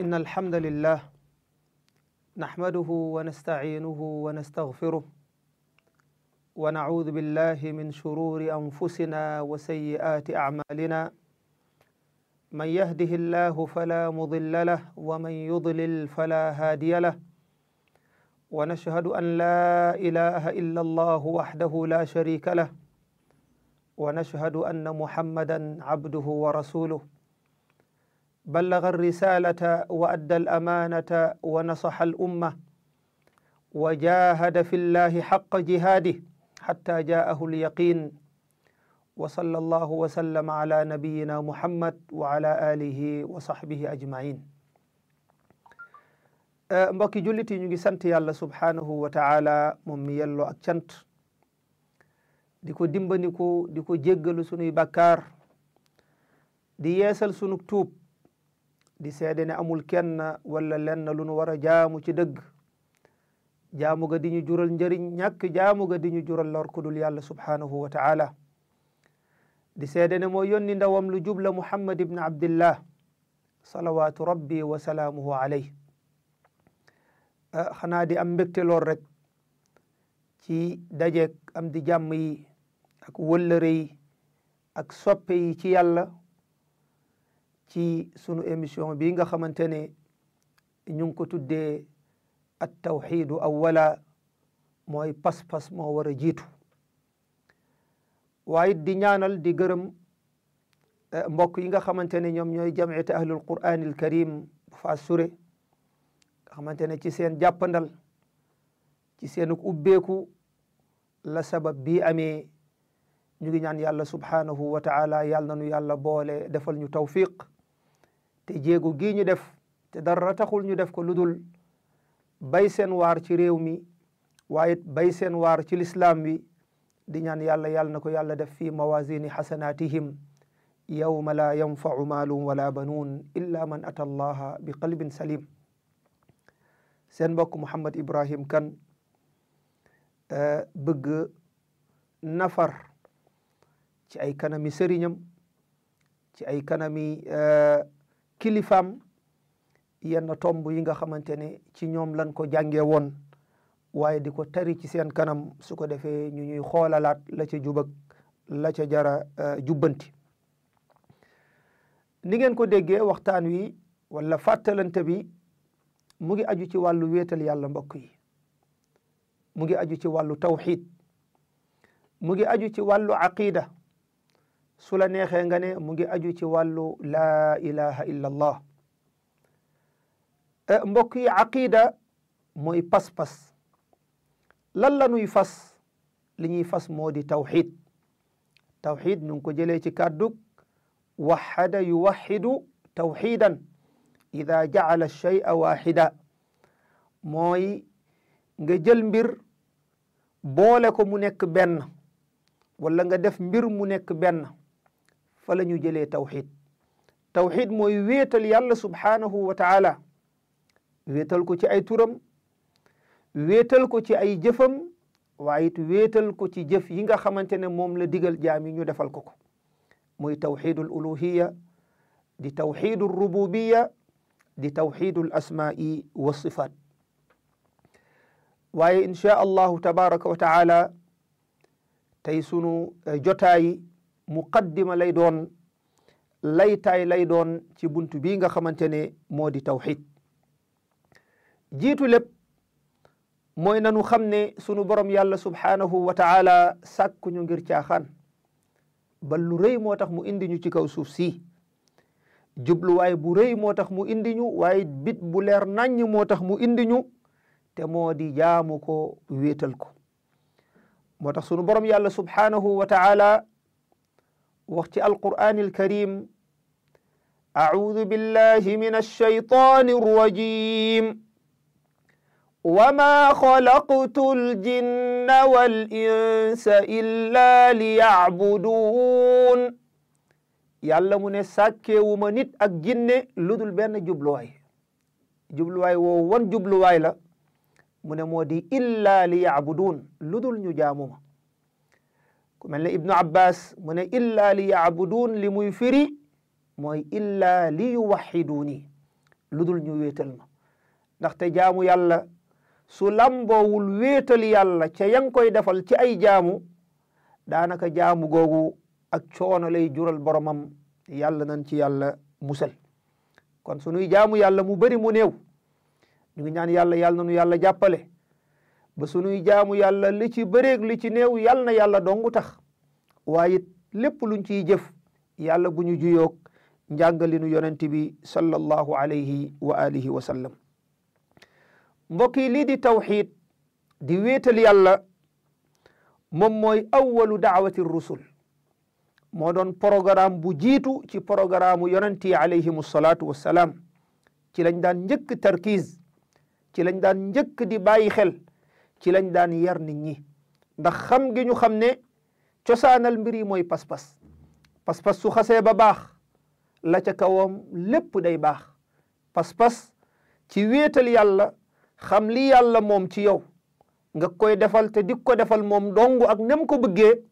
إن الحمد لله نحمده ونستعينه ونستغفره ونعوذ بالله من شرور أنفسنا وسيئات أعمالنا من يهده الله فلا مضل له ومن يضلل فلا هادي له ونشهد أن لا إله إلا الله وحده لا شريك له ونشهد أن محمدا عبده ورسوله بلغ الرسالة وأدى الأمانة ونصح الأمة وجاهد في الله حق جهاده حتى جاءه اليقين وصلى الله وسلم على نبينا محمد وعلى آله وصحبه أجمعين أه، مبكي جلتي نجي سنتي الله سبحانه وتعالى مميلو أكشنت ديكو دمبنيكو ديكو جيغلو سنو بكار دي يسل سنو توب di sédene amul kenn wala lenn lu nu war a jaamu ci dëgg jaamu ga di ñu jural njëriñ ñàkk jaamu ga di ñu jural lor ko dul yàlla subhanahu wa ta'ala di seede ne moo yónni ndawam lu jubla muhammad ibn abdillah salawaatu rabbi wa salaamuhu alayh xanaa di am mbégte lool rek ci dajeeg am di jàmm yi ak wëllëre yi ak soppe yi ci yàlla ci sunu émission bi nga xamante ne ñu ngi ko tuddee at tawxidu awwala mooy pas-pas moo war a jiitu waaye di ñaanal di gërëm e, mbokk yi nga xamante ne ñoom ñooy jamcete ahlul qur'an al karim bu faas sure nga xamante ne ci seen jàppandal ci seen ubbeeku la sabab bii amee ñu ngi ñaan yàlla subhaanahu wa taala yàlla na nu yàlla boole defal ñu tawfiq te jéego gi ñu def te dara taxul ñu def ko ludul bay seen waar ci réew mi waaye bay seen waar ci lislaam wi di ñaan yàlla yàlla na ko yàlla def fi mawazini xasanaatihim yawma laa yanfau maalun wala banuun illa man ata allaha bi qalbin salim seen mbokk Mouhamed Ibrahim Kane eh, bëgg nafar ci ay kanami sëriñam ci ay kanami eh, kilifaam yenn tomb yi nga xamante ne ci ñoom lan ko jàngee woon waaye di ko tari ci seen kanam su ko defee ñu ñuy xoolalaat la ca jubak la ca jara euh, jubbanti ni ngeen ko déggee waxtaan wi wala fàttalante bi mu ngi aju ci wàllu wéetal yàlla mbokk yi mu ngi aju ci wàllu tawxid mu ngi aju ci wàllu aqida sula la neexee nga ne mu ngi aju ci wàllu la ilaha illa allah eh, mbokk yi aqida mooy pas-pas lan la fas li ñuy fas moo di tawxid tawxid ñu ko jëlee ci kàddug waxada yuwaxidu tawxidan ida jala shay'a waxida mooy nga jël mbir boole ko mu nekk benn wala nga def mbir mu nekk benn fa la ñu jëlee tawxid tawxid mooy wéetal yàlla subhaanahu wa taala wéetal ko ci ay turam wéetal ko ci ay jëfam waaye it wéetal ko ci jëf yi nga xamante ne moom la digal jaam yi ñu defal ko ko muy tawxidul uluhiya di tawxidul rububiya di tawxidul asmaai wa sifaat waaye insha allahu tabaraka wa taala tey sunu jotaay muqaddima lay doon laytaay lay doon ci bunt bii nga xamante ne moo di tawxid jiitu lépp mooy nanu xam ne sunu borom yàlla subhaanahu wa taala sàkku ñu ngir caaxaan ba lu rëy moo tax mu indi ñu ci kaw suuf si jubluwaay bu rëy moo tax mu indi ñu waaye bit bu leer naññ moo tax mu indi ñu te moo di jaamu ko wéetal ko moo sunu borom yàlla subhaanahu wa wax ci alqur'aan alkarim acuudu billahi min alshaytaani alrajim وما خلقت الجن والإنس إلا ليعبدون yàlla mu ne sàkkewu ma nit ak jinne lu dul benn jubluwaay jubluwaay woo wan jubluwaay la mu ne moo di illa liyaabuduun lu dul ñu jaamu ma ku mel ne ibnu abbas mu ne illa li yaabuduun li muy firi mooy illa li yuwaxiduuni lu dul ñu wéetal ma ndaxte jaamu yàlla su lamboowul wéetal yàlla ca yang koy defal ci ay jaamu daanaka jaamu googu ak coono lay jural boromam yàlla nan ci yàlla musal kon sunuy jaamu yàlla mu bari mu néew ñu ngi ñaan yàlla yàlla nanu yàlla jàppale ba sunuy jaamu yàlla li ci bëreeg li ci néew yàlla na yàlla dongu tax waaye it lépp luñ ciy jëf yàlla bu ñu juyoog njàngalinu yonent bi sallallahu alayhi wa alihi wa sallam mbokk yi lii di tawxiid di wéetal yàlla moom mooy awwalu daawati rusul moo doon programme bu jiitu ci programme yonent yi alayhimu salaatu wassalaam ci lañ daan njëkk tarkiis ci lañ daan njëkk di bàyyi xel ci lañ daan yar nit ñi ndax xam gi ñu xam ne cosaanal mbir yi mooy pas-pas pas-pas su xasee ba baax la ca kawam lépp day baax pas-pas ci wéetal yàlla xam li yàlla moom ci yow nga koy defal te di ko defal moom dong ak nem ko bëggee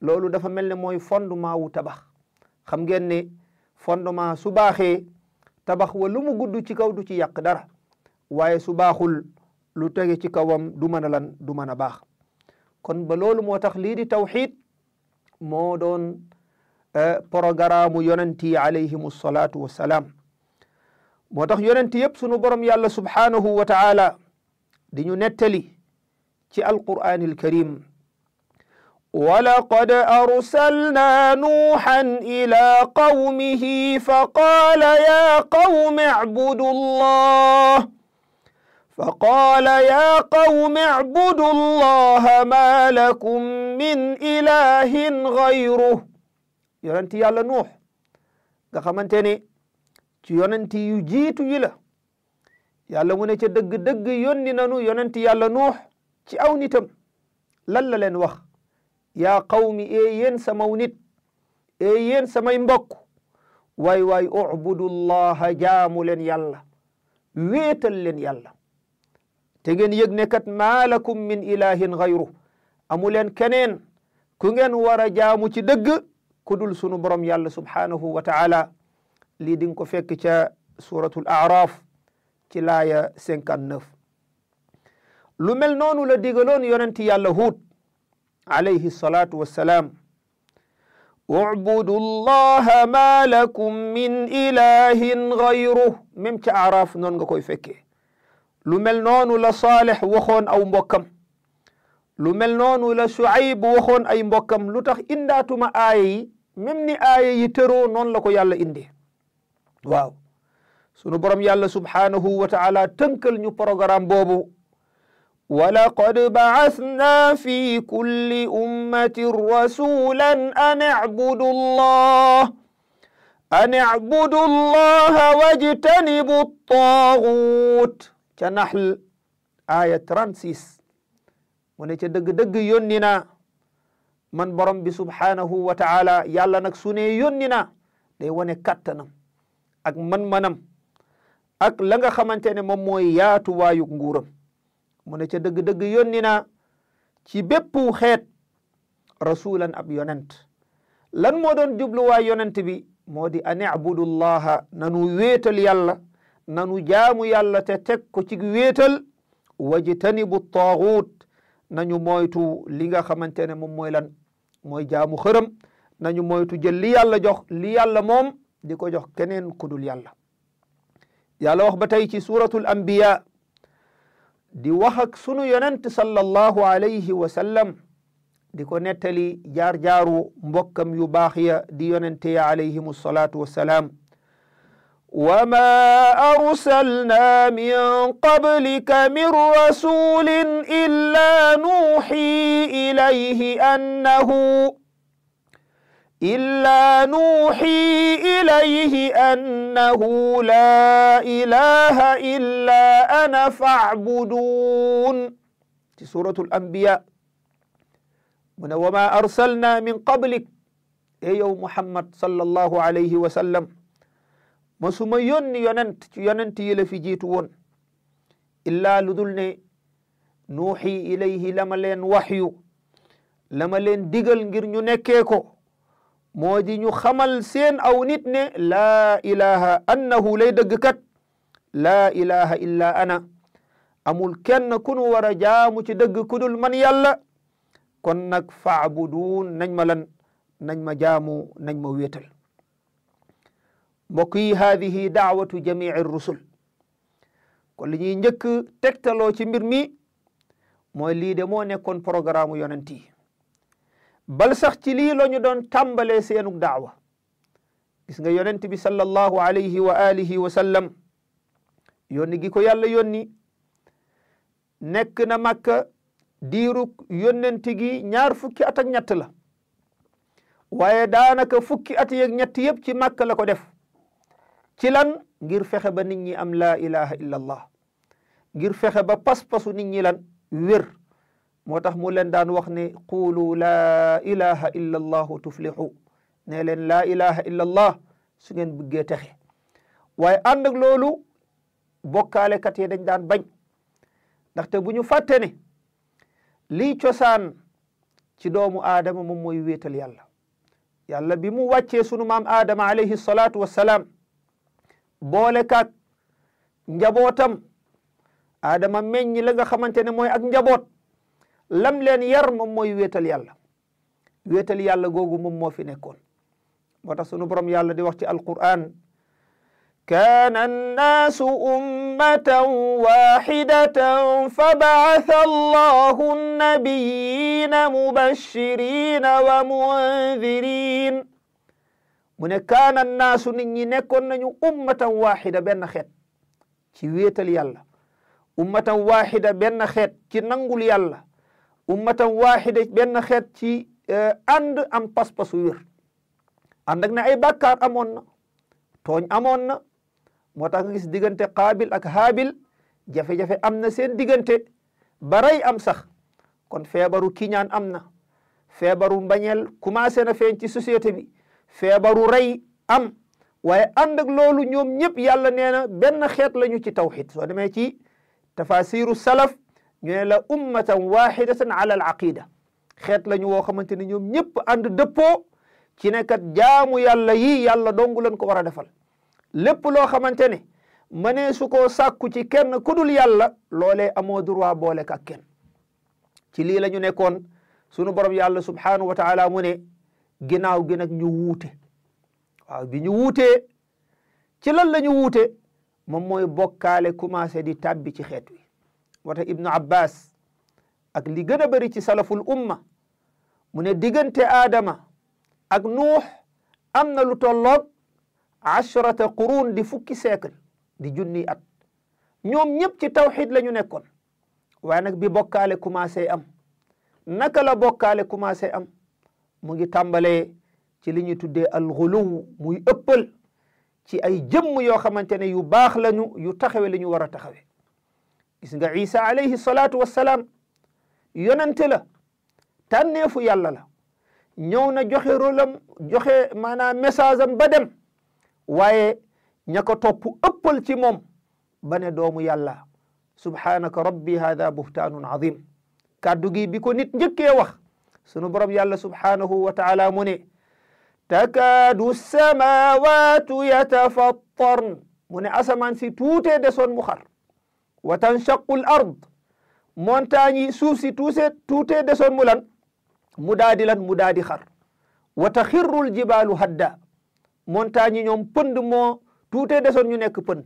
loolu dafa mel ne mooy fondement wu tabax xam ngeen ne fondement su baaxee tabax wa lu mu gudd ci kaw du ci yàq dara waaye su lu tege ci kawam du mën a lan du mën a baax kon ba loolu moo tax lii di tawxid moo doon programme yonent yi alayhimu salaatu wa salaam moo tax yonent yëpp sunu borom yàlla subhaanahu wa ta'ala di ñu nettali ci alquran alkarim ولقد أرسلنا نوحا إلى قومه فقال يا قوم اعبدوا الله فقال يا قوم اعبدوا الله ما لكم min ilahin غيره yonent yàlla nuux nga xamante ne ci yonent yu jiitu yi la yàlla mu ne ca dëgg-dëgg yónni nanu yonent yàlla nuux ci aw nitam lan la leen wax yaa qawmi ee yéen samaw nit ee yéen samay mbokk waay waay ubudu llaha jaamu leen yàlla wéetal leen yàlla te ngeen yëg ne kat maalakum min ilahin xayru amu leen keneen ku ngeen war a jaamu ci dëgg kudul sunu borom yàlla subhaanahu wa taala lii di nga ko fekk ca suratul araf ci laaya 59 lu mel noonu la digaloon yonenti yàlla huut alayhi salaatu wassalaam ubudu llaha ma lakum min ilahin xayru même ca araf noonu nga koy fekkee lu mel noonu la Saalix waxoon aw mbokkam lu mel noonu la Shuayb waxoon ay mbokkam lu tax indaatuma aaya yi même ni aaya yi tëroo noonu la ko yàlla indi waaw sunu borom yàlla subhaanahu wa taala tënkal ñu programme boobu ولقد بعثنا في كل أمة رسولا أن اعبدوا الله أن اعبدوا الله واجتنبوا الطاغوت ca naxl aaya 36 mu ne ca dëgg-dëgg yónni na man borom bi subhaanahu wa taala yàlla nag su ne yónni naa day wane kàttanam ak man-manam ak la nga xamante ne moom mooy yaatu nguuram mu ne ca dëgg-dëgg yónni na ci bépp xeet rasulan ab yonent lan moo doon jubluwaay yonent bi moo di an ibudu llaha nanu wéetal yàlla nanu jaamu yàlla te teg ko ci wéetal wajtanibu taaxuut nañu moytu li nga xamante ne moom mooy lan mooy jaamu xërëm nañu moytu jël li yàlla moom di ko jox keneen ku dul yàlla yàlla wax ba tey ci suratul anbiya di wax ak sunu yonent sallallahu alayhi wa sallam di ko nettali jaar jaaru mbokkam yu baax ya di yonente ya alayhimu salaatu wassalaam وما أرسلنا من قبلك من رسول إلا نوحي إليه أنه إلا نوحي إليه أنه لا إله إلا أنا فاعبدون في سورة الأنبياء وما أرسلنا من قبلك أي محمد صلى الله عليه وسلم masuma yónni yonent ci yonent yi la fi jiitu woon illaa lu ne nuuxi ilayhi la leen waxyu la ma leen digal ngir ñu nekkee ko moo di ñu xamal seen aw nit ne la ilaha annahu lay dëgg kat laa ilaha illa ana amul kenn ku nu war a jaamu ci dëgg ku dul man yàlla kon nag faabuduun nañ ma lan nañ ma jaamu nañ ma wéetal mbokk yi haadihi daawatu jamici rusul kon li ñuy njëkk tegtaloo ci mbir mi mooy lii de moo nekkoon programme yonent yi bal sax ci lii la ñu doon tàmbalee seenug daawa gis nga yonent bi sallallahu alayhi wa alihi wa sallam yónni gi ko yàlla yónni nekk na màkka diirug yónnent gi ñaar fukki at ak ñett la waaye daanaka fukki at yeeg ñett yëpp ci màkk la ko def ci lan ngir fexe ba nit ñi am la ilaha illa allah ngir fexe ba pas-pasu nit ñi lan wér moo tax mu leen daan wax ne quulu laa ilaha illa allahu tuflixu ne leen laa ilaha illa allah su ngeen bëggee texe waaye ànd ak loolu bokkaalekat yi dañ daan bañ ndaxte bu ñu fàtte ne lii cosaan ci doomu aadama moom mooy wéetal yàlla sunu maam aadama alayhi salaatu wassalaam boole kaag njabootam Adama meññ la nga xamante ne mooy ak njaboot lam leen yar moom mooy wéetal yàlla wéetal yàlla googu moom moo fi nekkoon moo tax yàlla di wax ci alquran kaana annaasu ummatan waxidatan fa baasa allahu annabiyiina mubashiriina wa mundirin mu ne kaana naasu nit ñi nekkoon nañu ummatan waaxida benn xeet ci wéetal yàlla ummatan waaxida benn xeet ci nangul yàlla ummatan waaxida benn xeet ci eh, ànd am pas-pasu wér ànd ne ay bàkkaar amoon na tooñ amoon na moo tax gis diggante qaabil ak haabil jafe-jafe am na seen diggante baray am sax kon feebaru kiñaan am na feebaru mbañeel commencé na feeñ ci société bi feebaru rey am waaye ànd ak loolu ñoom ñëpp yàlla nee na benn xeet lañu ci tawxid soo demee ci tafasiru salaf ñu ne la ummatan waxidatan ala al akida xeet lañu woo xamante ne ñoom ñëpp ànd dëppoo ci ne kat jaamu yàlla yi yàlla dongu leen ko war a defal lépp loo xamante ne mënee su koo sàkku ci kenn ku dul yàlla loolee amoo droit boole ak kenn ci lii la ñu nekkoon sunu borom yàlla subhanahu wa taala ginnaaw gi nag ñu wuute waaw bi ñu wuutee ci lan la ñu wuute moom mooy bokkaale commencé di tàbbi ci xeet wi moo tax ibnu abbas ak li gën a bëri ci salaful umma mu ne diggante aadama ak nuux am na lu tolloog ashrata quruun di fukki siècle di junniy at ñoom ñëpp ci tawxid la ñu nekkoon waaye nag bi bokkaale commencé am naka la bokkaale commencé am mu ngi tàmbalee ci li ñu tuddee alxuluw muy ëppal ci ay jëmm yoo xamante ne yu baax lañu yu taxawe li ñu war a taxawe gis nga isa alayhi salaatu wassalaam yonante la tànneefu yàlla la ñëw na joxe rôlam joxe maanaam message am ba dem waaye ña ko topp ëppal ci moom ba ne doomu yàlla subhaanaka rabbi hada buhtaanun azim kàddu gi bi nit njëkkee wax sunu borom yàlla subhanahu wa taala mu ne takaadu samaawaatu yatafattarn mu ne asamaan si tuutee desoon mu xar wa tanshaqu l ard montagne yi suuf si tuusee tuutee desoon mu lan mu daadi lan mu daadi xar wa taxirru l jibaalu hadda montagne yi ñoom pënd moo tuutee desoon ñu nekk pënd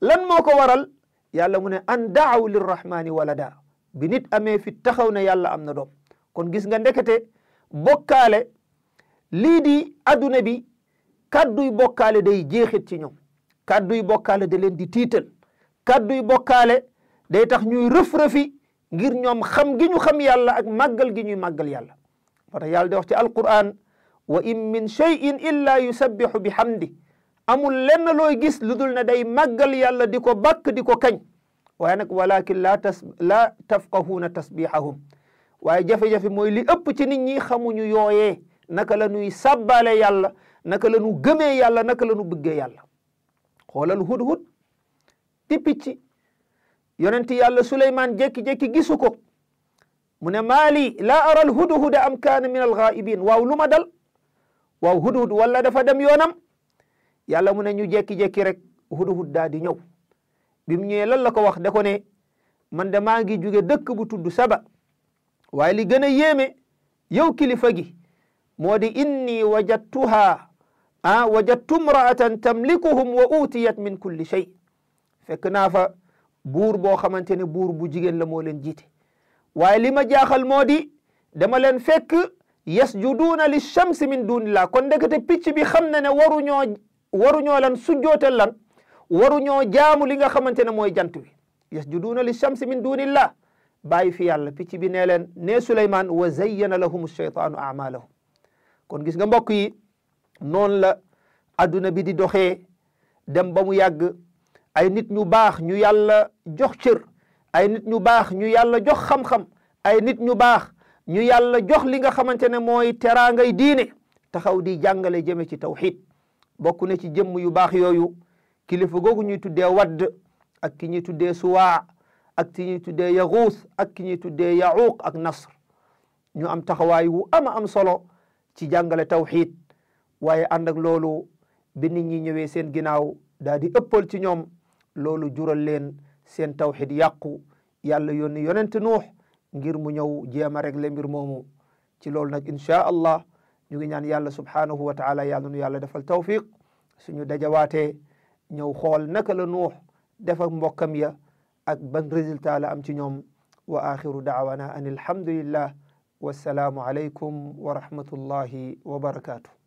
lan moo ko waral yàlla mu ne an daaw lirrahmani walada bi nit amee fi taxaw na yàlla am na doom kon gis nga ndekete bokkaale lii di adduna bi kadduy bokkaale day jeexit ci ñoom kadduy bokkaale da leen di tiital kadduy bokkaale day tax ñuy rëf-rëfi ngir ñoom xam gi ñu xam yàlla ak màggal gi ñuy màggal yàlla moo yàlla di ci alquran wa in min cheyin illa yusabbihu bi hamdi amul lenn looy gis lu dul ne day màggal yàlla di ko bàkk di ko kañ waaye nag walakin la tas la tafqahuuna tasbihahum waaye jafe-jafe mooy li ëpp ci nit ñi xamuñu yooyee naka la ñuy sàbbaale yàlla naka la ñu gëmee yàlla naka la bëggee yàlla xoolal hudhud di picc yonenti yàlla suleymaan jékki-jékki gisu ko mu ne maali laa aral hudhuda am kaana min alxaibin waaw lu ma dal waaw hudhud wala dafa dem yoonam yàlla mu ne ñu jékki rek hudhud daa di ñëw bi mu ñëwee lan la ko wax da ko ne man de maa ngi jóge dëkk bu tudd saba waaye li gën a yéeme yow kilifa gi moo di inni wajadtuha ah wajadtu mraatan tamlikuhum wa utiyat min kulli shay fekk naa fa buur boo xamante ne buur bu jigéen la moo leen jiite waaye li ma jaaxal moo di dama leen fekk yasjuduuna li shamsi min dunillah kon ndekete picc bi xam na ne waruñoo waruñoo lan sujjootel lan waruñoo jaamu li nga xamante ne mooy jant bi yasjuduuna li shamsi min dunillah bàyyi fi yàlla picc bi nee leen nee Suleymaan wa zayyana lahum sheytaanu amalahum kon gis nga mbokk yi noonu la adduna bi di doxee dem ba mu yàgg ay nit ñu baax ñu yàlla jox cër ay nit ñu baax ñu yàlla jox xam-xam ay nit ñu baax ñu yàlla jox li nga xamante ne mooy teraangay diine taxaw di jàngale jëme ci tawxid bokk na ci jëmm yu baax yooyu kilifa googu ñuy tuddee wadd ak ki ñuy tuddee suwaa ak ci ñuy tuddee Yaguus ak ki ñuy tuddee Yaquuq ak Nasr ñu am taxawaay wu ama am solo ci jàngale tawxiid waaye ànd ak loolu bi nit ñi ñëwee seen ginnaaw daal di ëppal ci ñoom loolu jural leen seen tawxiid yàqu yàlla yónni yonent nuux ngir mu ñëw jéem a régler mbir moomu ci loolu nag inchaa allah ñu ngi ñaan yàlla subhaanahu wa taala yàlla nu yàlla defal tawfiq suñu dajawaatee ñëw xool naka la nuux def ak mbokkam ya اك رزلت على امتنيوم واخر دعوانا ان الحمد لله والسلام عليكم ورحمه الله وبركاته